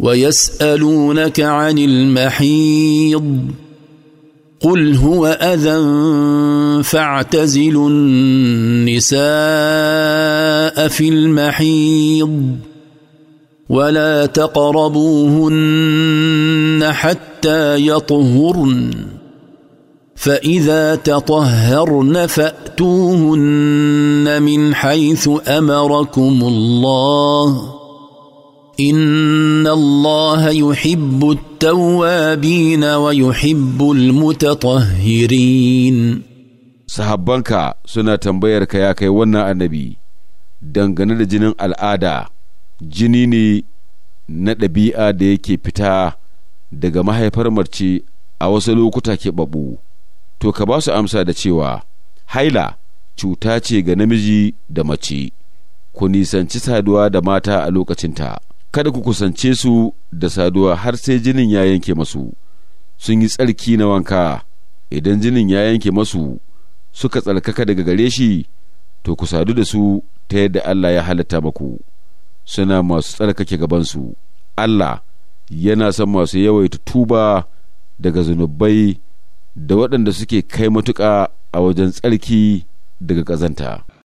ويسالونك عن المحيض قل هو اذى فاعتزلوا النساء في المحيض ولا تقربوهن حتى يطهرن فاذا تطهرن فاتوهن من حيث امركم الله إن ان الله يحب التوابين ويحب المتطهرين sahabbanka suna tambayarka ya kai wannan annabi dangane da jinin al'ada jini ne na ɗabi'a da yake fita daga mahaifar mace a wasu lokuta ke babu to ka ba su amsa da cewa haila cuta ce ga namiji da mace ku nisanci saduwa da mata a lokacinta kada ku kusance su da saduwa har sai jinin ya yanke masu sun yi tsarki na wanka idan jinin ya yanke masu suka tsarkaka daga gare shi to ku sadu da su ta yadda Allah ya halatta maku suna masu tsarkake gabansu Allah yana son masu yawaita tuba daga zunubai da waɗanda suke kai matuƙa a wajen tsarki daga ƙazanta.